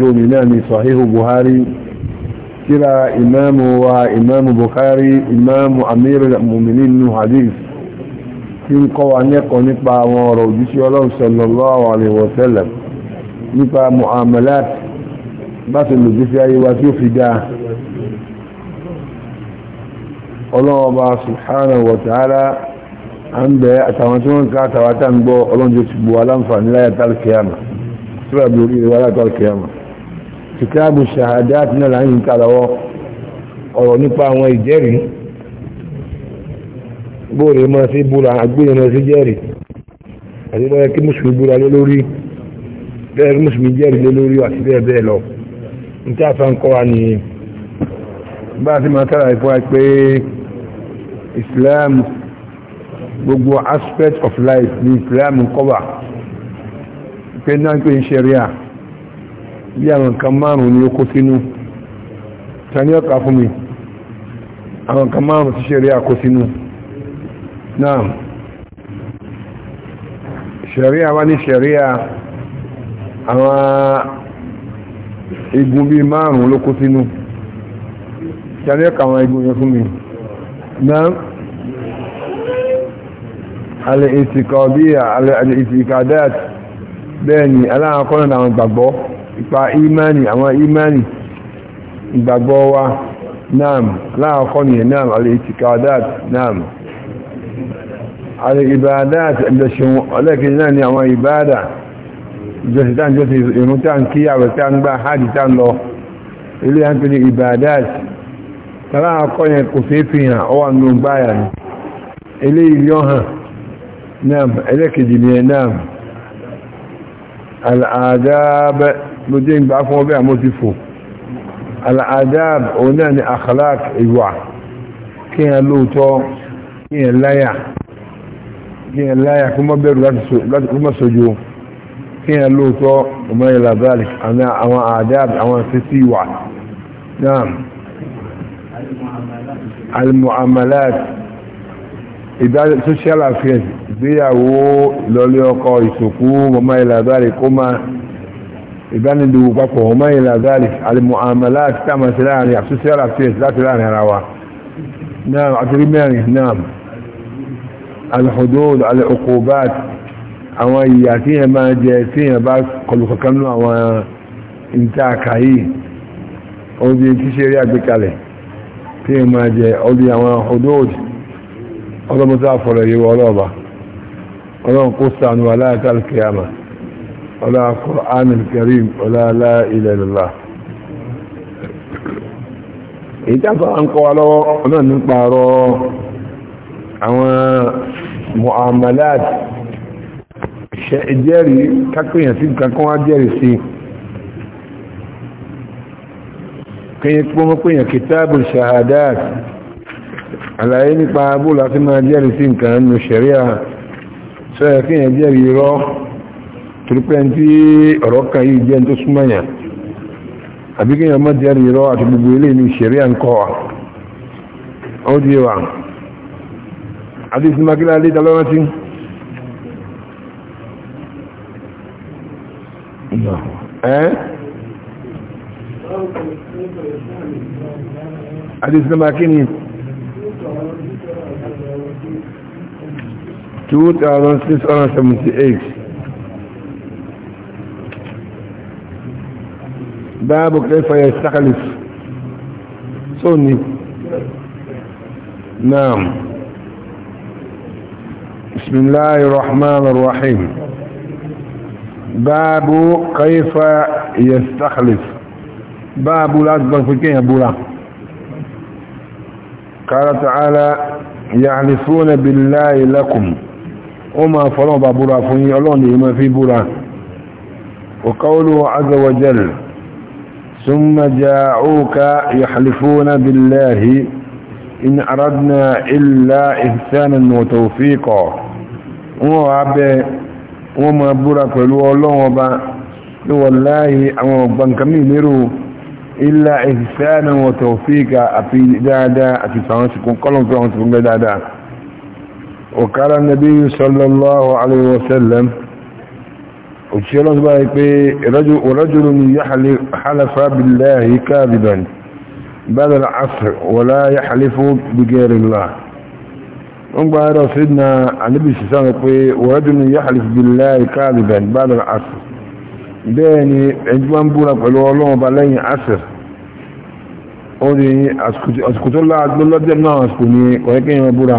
يوم نامي صحيح بخاري كلا إمام وإمام بخاري إمام أمير المؤمنين من حديث في قوانية قنقبة وروديسي الله صلى الله عليه وسلم نقبة معاملات بس اللي في أي واسيو في ده الله سبحانه وتعالى an bẹ àtàwọn tí wọ́n ká àtàwọn tá ń gbọ́ ọlọ́njọ́ ti bu aláǹfà níláyàtà alkiyama síbẹ̀ bí orí rẹ̀ wà látà alkiyama kìtàbù ṣàhádá àti náà láyé ń kàlọ́wọ́ ọ̀rọ̀ nípa àwọn ìjẹ́rìí bóòrè máa sí búra agbóyè náà sí jẹ́rìí àti bóyá kí mùsùlùmí búra lé lórí bẹ́ẹ̀ kí mùsùlùmí jẹ́rìí lé lórí àti bẹ́ẹ̀ bẹ́ẹ̀ lọ ní tí a fa ń kọ́ wa nìyí bá a ti máa kára ìfọ́ pé Islam gbogbo aspect of life ni Islam cover pé náà ń pè ń ṣẹ̀ríà bí àwọn nǹkan márùn ni ó kó sínú tani ọkà fún mi àwọn nǹkan márùn ti ṣẹ̀rí àkó sínú náà ṣẹ̀rí àwọn ní ṣẹ̀rí àwọn igun bíi márùn ló kó sínú tani ọkà àwọn igun yẹn fún mi náà alẹ́ ìsìnkà bíi alẹ́ aláàkọ́nà àwọn gbàgbọ́ ipa imani àwọn imani ìgbàgbọ́ naam láàkọ́ naam al-i'tiqadat naam al-ibadat ẹ̀dẹ̀ṣin ọlẹ́kìn náà ni àwọn ìbádà jọsí tán jọsí kí àwẹ̀ tán gbá hajj lọ ilé yàn pín ní ìbádàt tàbí àkọ́ yẹn kò fẹ́ fi hàn ọwà nù báyà naam ẹlẹ́kìn jìnnìyàn naam ló jẹ́ ìgbà fún ọbẹ̀ àmọ́ ti fò al'adab òun náà ni akhlaq ìwà kí ẹ lóòótọ́ kí ẹ láyà kí ẹ láyà kí mọ́ bẹ̀rù láti kí mọ́ sojú kí ẹ lóòótọ́ ọmọ ìlà báàlì àwọn adab àwọn sisi ìwà náà al-mu'amalat ìdájọ́ social affairs ìgbéyàwó ìlọlé ọkọ ìsòkú ọmọ ìlà kó máa ìbánidòwò papọ̀ ọmọ ìlà zalik alimuamala àti tàmàtí láàrin àtúnṣe àlàfíẹs láti láàrin ara wa náà àtúrí mẹ́rin náà alhudud alhukubat àwọn ìyà tí yẹn máa jẹ tí yẹn bá kọlùkọ̀kanú àwọn ìntàkàyí ọdún tí ṣe rí àgbékalẹ̀ tí yẹn máa jẹ ọdún àwọn hudud ọlọ́mọta fọ̀rọ̀ yíwọ ọlọ́ọ̀bà ọlọ́run ولا قرآن الكريم ولا لا إله إلا الله ìjábọ̀ à ń kọ́ wa lọ́wọ́ náà ní pààrọ̀ àwọn muamalat ṣe ìjẹ́rìí kápẹ̀yàn sí kankan wá jẹ́rìí sí kíyẹ pọ́n pẹ̀yàn kìtàbù shahadat àlàyé nípa bóòlù àti máa jẹ́rìí sí nǹkan nù ṣẹ̀ríà sọ́yẹ̀ kíyàn jẹ́rìí rọ́ torípẹ́ tí ọ̀rọ̀ kan yìí jẹ́ tó súnmọ́yàn àbí kí èèyàn má jẹ́ ìrọ́ àti gbogbo ilé ní ìṣẹ̀rí àǹkọ́ wa ó di wa àti ìsinmi akílá ilé ìta lọ́wọ́ sí àti ìsinmi akíní باب كيف يستخلف سني نعم بسم الله الرحمن الرحيم باب كيف يستخلف باب في فكين يا قال تعالى يحلفون بالله لكم وما فلو بابولا فني الله نعم ما في بولا وقوله عز وجل ثم جاءوك يحلفون بالله إن أردنا إلا إحسانا وتوفيقا وعبه وما برك ولو الله وبا والله أما بنكمي لرو إلا إحسانا وتوفيقا أفي دادا أفي فانسكم قلهم فانسكم دادا وقال النبي صلى الله عليه وسلم òṣìṣẹ́ lọ́sí bá pé rọ́jùrù ni yá halafa billahi káàbìbàn bada al'asir wọlá yá halifu bigẹrìnlá wọ́n gba ẹ̀rọ sí na alibi sísan pé rọ́jùrù yá halifu billahi káàbìbàn bada al'asir bẹ́ẹ̀ ni ẹjúmọ́ ń búra pẹ̀lú ọlọ́ọ̀bá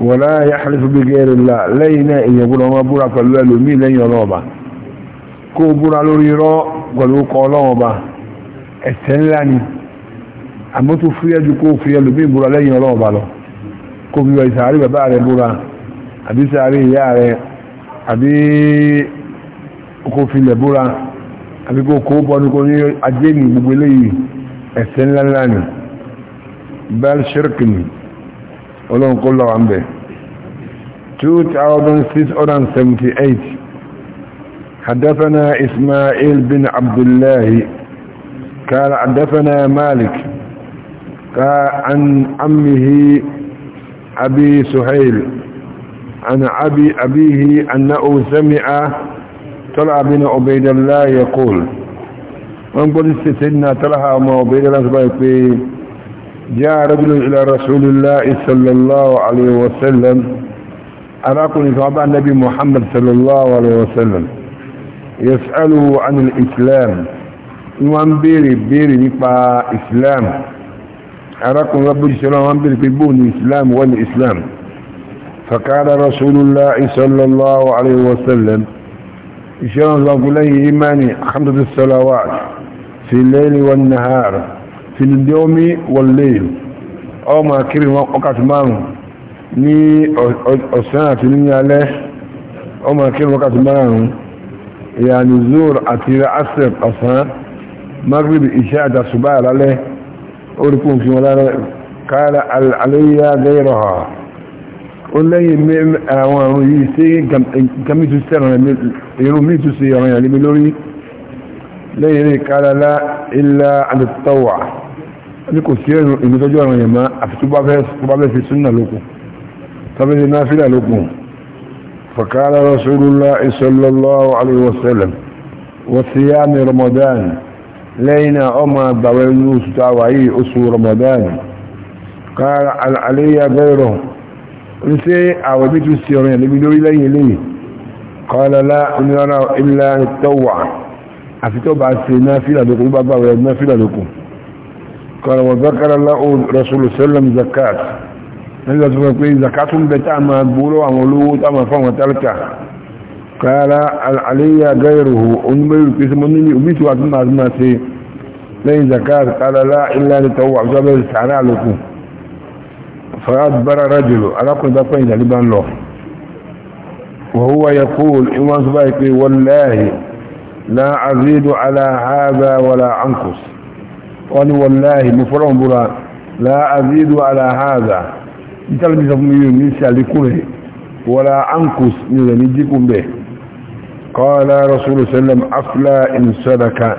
ولا يحلف بغير الله لينا إن يقول ما برا فلو ألومي لن يلوبا كو برا لوريرو قالوا قولوبا السلاني أما تفيا جكو فيا لومي برا لن يلوبا لو كو بيوا يساري ببا ري برا أبي ساري يا ري أبي كو في لبرا أبي كو كو بوني كو أجيني بقولي السلاني بل شركني ولون كله lọ́wọ́ 2678 حدثنا إسماعيل بن عبد الله قال حدثنا مالك قال عن عمه أبي سهيل عن أبي أبيه أنه سمع طلع بن عبيد الله يقول من قلت سيدنا طلع وما عبيد الله سبحانه جاء رجل إلى رسول الله صلى الله عليه وسلم أراكم إصابة النبي محمد صلى الله عليه وسلم يسأله عن الإسلام وان بيري بيري نقبع إسلام أراكم رب السلام وان بيري بيبون الإسلام والإسلام فقال رسول الله صلى الله عليه وسلم ان شاء الله قليه إيماني خمسة الصلوات في الليل والنهار في اليوم والليل او ما كريم وقت مارو ني السنة تنين عليه او ما كريم وقت مارو يعني الزور اتيرا عصر اصلا مغرب اشاء دا صباح عليه اوركم في ملارة قال علي غيرها قل لي اوان يسي كم تسير يروم تسير يعني بلوري ليه قال لا الا عن التطوع ní kò sí ẹnu ìgbẹ́tọ́jú àwọn èèyàn máa àfi tó bá fẹ́ fi súnà lókun tàbí ní náfílà lókun fàkàrà rasulullah sallallahu alaihi wasallam wọ́n ti yá ní ramadan lẹ́yìn náà ọmọ àgbàwẹ́ ní oṣù táwà yìí oṣù ramadan kára alàlẹ́yà bẹ́rọ̀ ń sí àwọ̀ bí tún sí ọ̀rọ̀ yẹn lébi lórí lẹ́yìn lẹ́yìn kọ́lá lá onírànà ilẹ̀ tọ́wà àfi tó bá ṣe náfílà lókun bá gbàwẹ́ náfílà lókun قال وذكر الله رسول الله سلم زكاة إلا تفكري زكاة بتاع ما تقولوا عملوه تاما فهم تلك قال العلي غيره أنبي القسم كسمني أبيت وعدم سي لين زكاة قال لا إلا لتوع زبا استعراء لكم فأدبر رجل على كل دفعين لبان له وهو يقول إمام سبايكي والله لا أزيد على هذا ولا أنقص wani wallahi mufuran bura la azidu ala haza itar bisa miyu ni shalikure wala ankus ni da ni jikun be qala rasul sallam afla in sadaka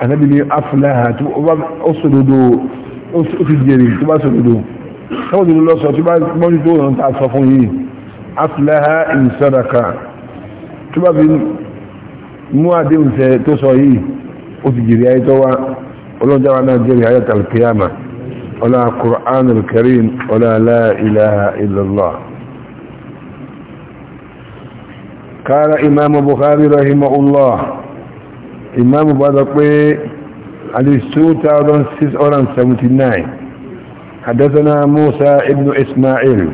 anabi ni aflaha tu usudu ufijeri tu ba sudu kawai ni lo so to ta sọ fún yín aflaha in sadaka tu ba bi mu to so yi ufijeri ayi to wa ولو جعلنا جميع آيات القيامة ولا قرآن الكريم ولا لا إله إلا الله قال إمام بخاري رحمه الله إمام بادقوي حديث 2679 حدثنا موسى ابن إسماعيل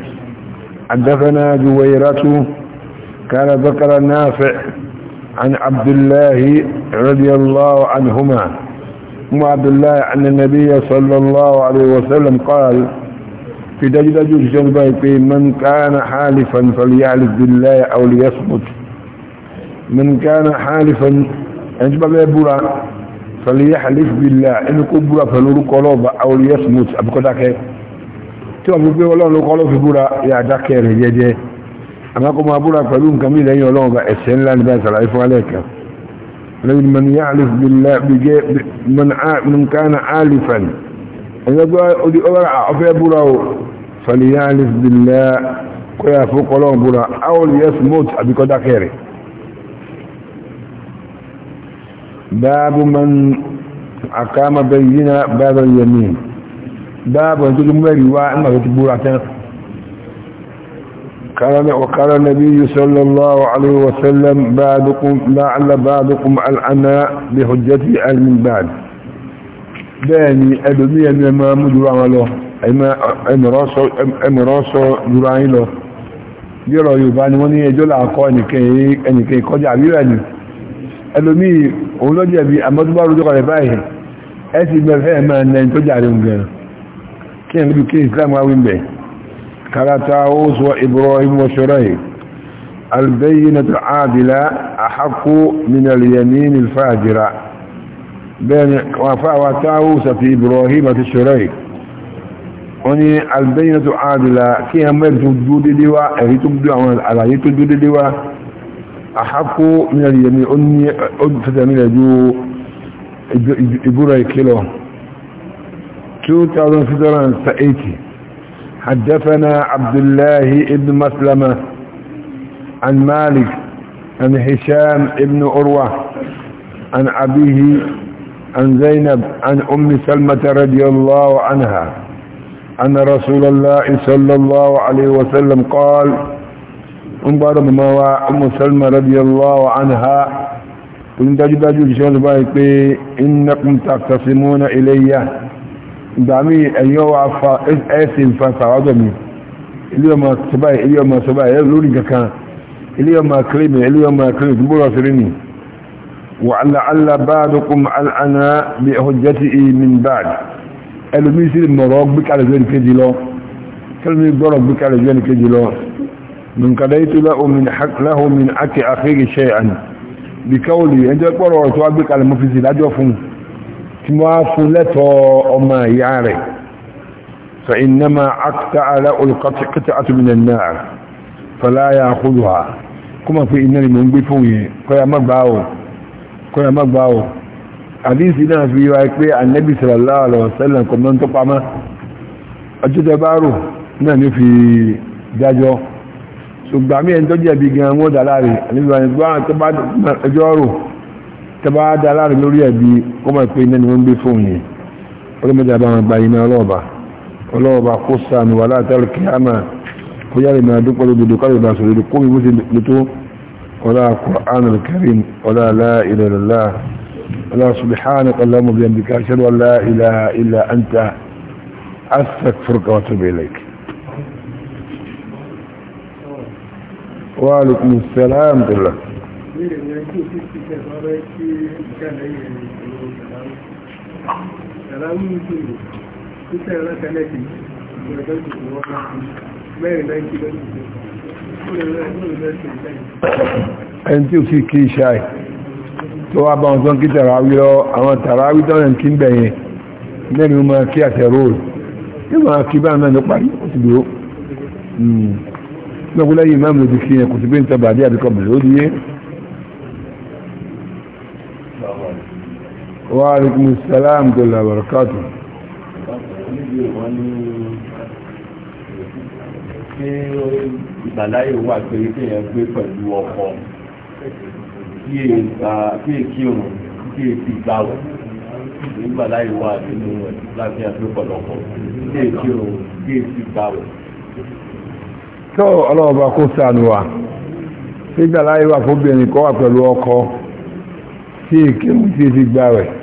حدثنا جويرته كان ذكر نافع عن عبد الله رضي الله عنهما ام عبد الله عن النبي صلى الله عليه وسلم قال في دجدج الجنب من كان حالفا فليعلف بالله او ليصمت من كان حالفا انجب بيبورا فليحلف بالله ان كبر فلورك قلوب او ليصمت ابو كداك تو ابو بي ولون لو قالو في بورا يا داكير جيجي انا كما بورا فلون كميل اي أيوة ولون با اسن لا نبي صلى الله عليه وسلم لكن من يعرف بالله من من كان عالفا إذا قال أورع أفي براو فليعرف بالله كي فوق لهم برا أو ليسموت أبي قد أخيري باب من أقام بينا باب اليمين باب أن تجمع رواء ما تبورا تنقل قال وقال النبي صلى الله عليه وسلم بعضكم لعل بعضكم العناء بحجتي من بعد bẹ́ẹ̀ni ẹlòmí ẹni ẹmọ mú jùlọ àwọn lọ ẹmìrọ́sọ jùlọ ayín lọ bí ọ̀rọ̀ Yorùbá ni wọ́n ní ẹjọ́ làkọ́ ẹnìkẹ́ ìkọjá àbírẹ̀ ni ẹlòmí òun lọ́jẹ̀ bí amọ́dúnbárújọ́ rẹ̀ báyìí ẹ ti gbẹ̀fẹ́ ẹ̀mọ́ ẹni tó jà كلا تاوس وإبراهيم وشريك البينة العادلة أحق من اليمين الفاجرة بين وفاء وتاوس في إبراهيم في شريك وني البينة العادلة كي هم يتجود لوا يتجود على يتجود لوا أحق من اليمين أني أدفت من جو إبراهيم كيلو 2680 حدثنا عبد الله بن مسلمة عن مالك عن هشام بن أروى عن أبيه عن زينب عن أم سلمة رضي الله عنها أن رسول الله صلى الله عليه وسلم قال انظر بما أم سلمة رضي الله عنها إن تجد أجل شهد بايك إنكم تقتصمون إليه ìgbàmí ẹ̀yọ́ wa fa ẹ̀sìn fa sàwádọ̀ mi ilé ọmọ sọba ilé ọmọ sọba ẹ̀ lórí kankan ilé ọmọ kírìmì ilé ọmọ kírìmì tó bọ́rọ̀ sírí ni wà aláàlá bá dọ́kùn aláàlá bí ẹ̀họ́ jẹ́ ti min bad ẹlòmí sí mọ̀rọ̀ gbíkàlẹ̀ jẹ́ nìkejì lọ kẹlòmí gbọ́rọ̀ gbíkàlẹ̀ jẹ́ nìkejì lọ nǹkadàítú láhùn min àkè àfẹ́gì ṣẹ́ àní bí tí mo á fún lẹ́tọ̀ọ́ ọmọ ìyá rẹ̀ فإنما أقطع له القطع قطعة من النار فلا يأخذها كما في إنني منبفوه كما مقبعه كما مقبعه حديث الناس بيواك عن النبي صلى الله عليه وسلم كما انتقع ما أجد باره نحن في داجو سبعمية انتجي بيقامود على النبي صلى الله عليه وسلم tẹba da aláàrin lórí ẹ̀bí ó máa pé iná ni wọ́n gbé fóun yẹn ọlọ́mọdé bá wọn gba iná ọlọ́ọ̀bà ọlọ́ọ̀bà kó sànù wà látàrí kí á máa kó yára ìmọ̀ àdúpọ̀ lódodo káyọ̀ bá sọ̀rọ̀ lórí kó mi bó ṣe lè tó ọlá Qur'an al-Karim ọlá la ilaha illallah ọlá subhanaka allahumma wa bihamdika ashhadu an la ilaha illa anta astaghfiruka wa atubu ilayk wa alaykum assalam ìbéèrè yẹn ẹni tí ó sì kí iṣẹ́ ẹ̀ tó wá bá wọn tán kí tàràwí lọ àwọn tàràwí tán kí ń bẹ̀yẹn mẹ́rin ó máa kí àtẹ̀ róòlù tí wọ́n kí bá náà parí ó hmm. ti dúró ló ti kí yẹn kò sí ń tẹ́ bàdí àbíkọ́ bẹ̀rẹ̀ ó di yẹn wa السلام salam tó lè àbàrùkátù ṣé ìgbàláyè wà pé kéèyàn gbé pẹ̀lú ọkọ kí èkí òun kí èkí gbàwọ̀ ìgbàláyè wà nínú ẹ̀ láti àgbé pẹ̀lú ọkọ kí èkí òun kí èkí gbàwọ̀. tó ọlọ́ọ̀bá kó sànù wa ìgbàláyè wà fóbìnrin kọ́ pẹ̀lú ọkọ tí èkí òun ti ti gbàwẹ̀.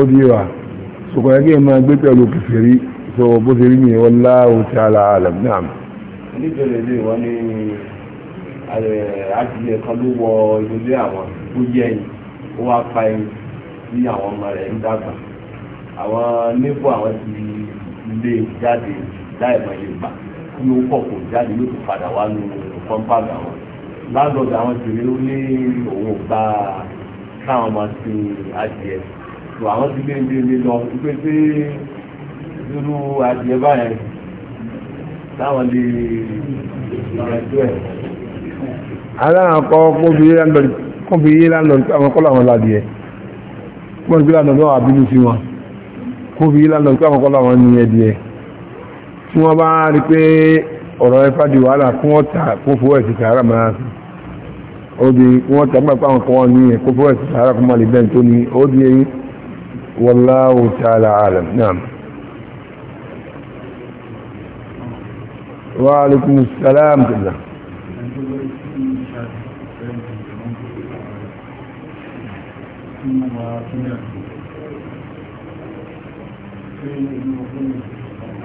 ó di wa ṣùgbọ́n ẹgbẹ́ máa gbé pẹ̀lú kìfèrí sọ bó ṣe rí nìyẹn wallahu ta'ala alam na'am. nítorí ilé wọn ní àjílẹ̀ kan ló wọ ilé àwọn ó yẹ ẹyin ó wá pa ẹyin tí àwọn ọmọ rẹ̀ ń dàgbà àwọn níbo àwọn ti lé jáde láì mọ iye gbà kí ó kọ̀ kò jáde yóò tún padà wá nu kọ́ńpáàgì àwọn láńdọ̀dọ̀ àwọn tèmi ló ní òun ò káwọn máa sin adìẹ tó àwọn ti lé lé lé lọ wípé pé irú adìẹ báyẹn táwọn lè ìrìnàjò ẹ̀. aláwọn kọ́ kóbi yé lánàá àwọn kọ́lá àwọn ládìẹ wọ́n gbé lánàá náà àbínú sí wọn kóbi yé lánàá àwọn kọ́lá àwọn ní ẹdìẹ tí wọ́n bá rí pé ọ̀rọ̀ ẹfà di wàhálà kí wọ́n tà kó fowó ẹ̀sì sàárà máa sí ó di wọ́n tà gbàgbà àwọn kan wọ́n ní ẹ̀kó fowó ẹ̀sì sàárà kó má lè bẹ́ẹ̀ tó ní ó di eyín والله تعالى عالم نعم وعليكم السلام كله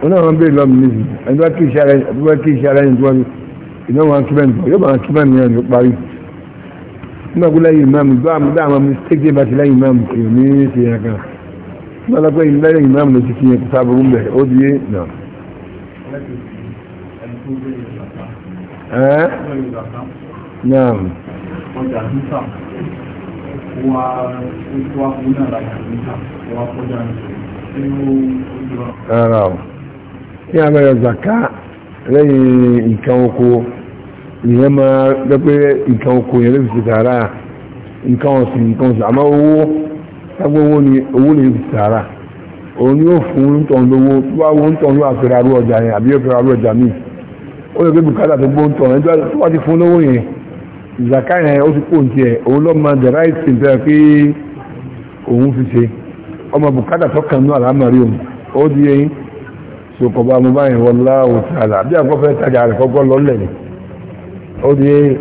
انا ما بين لا من انا كي شارع دوار كي شارع دوار انه وان كمان يا ما كمان يا باري ما قول اي امام دعم دعم مستجيب لا امام كيميت يا كان lọ́lọ́pẹ́ ìlẹ́yìn ìmáàmù ló ti fi yẹn sábà ó di náà. ìyẹn máa lọ́pẹ́ nǹkan oko yẹn ló fi ṣe tààrà nǹkan ọ̀sìn nǹkan ọ̀sìn àmọ́ owó sagbó owó ni owó lè fi sàárà òun ni ó fún un tọ̀ lówó tó bá wọn tọ̀ ló àfẹ́rẹ́ arú ọjà yẹn àbí ẹ̀fẹ́rẹ́ arú ọjà míì ó lè gbé bùkátà tó gbó ń tọ̀ ẹjọ́ tó wá ti fún lówó yẹn ìzàká yẹn ó ti pò tiẹ̀ òun lọ́ mọ the right thing bẹ́ẹ̀ pé òun fi ṣe ọmọ bùkátà tó kàn ní àlámọ̀rí òun ó di eyín sokò bá mo bá yẹn wọlá òtí àlà bí àgbọ̀fẹ́ tajà rẹ̀ kọ́kọ́ lọ́lẹ̀ ni ó di eyín.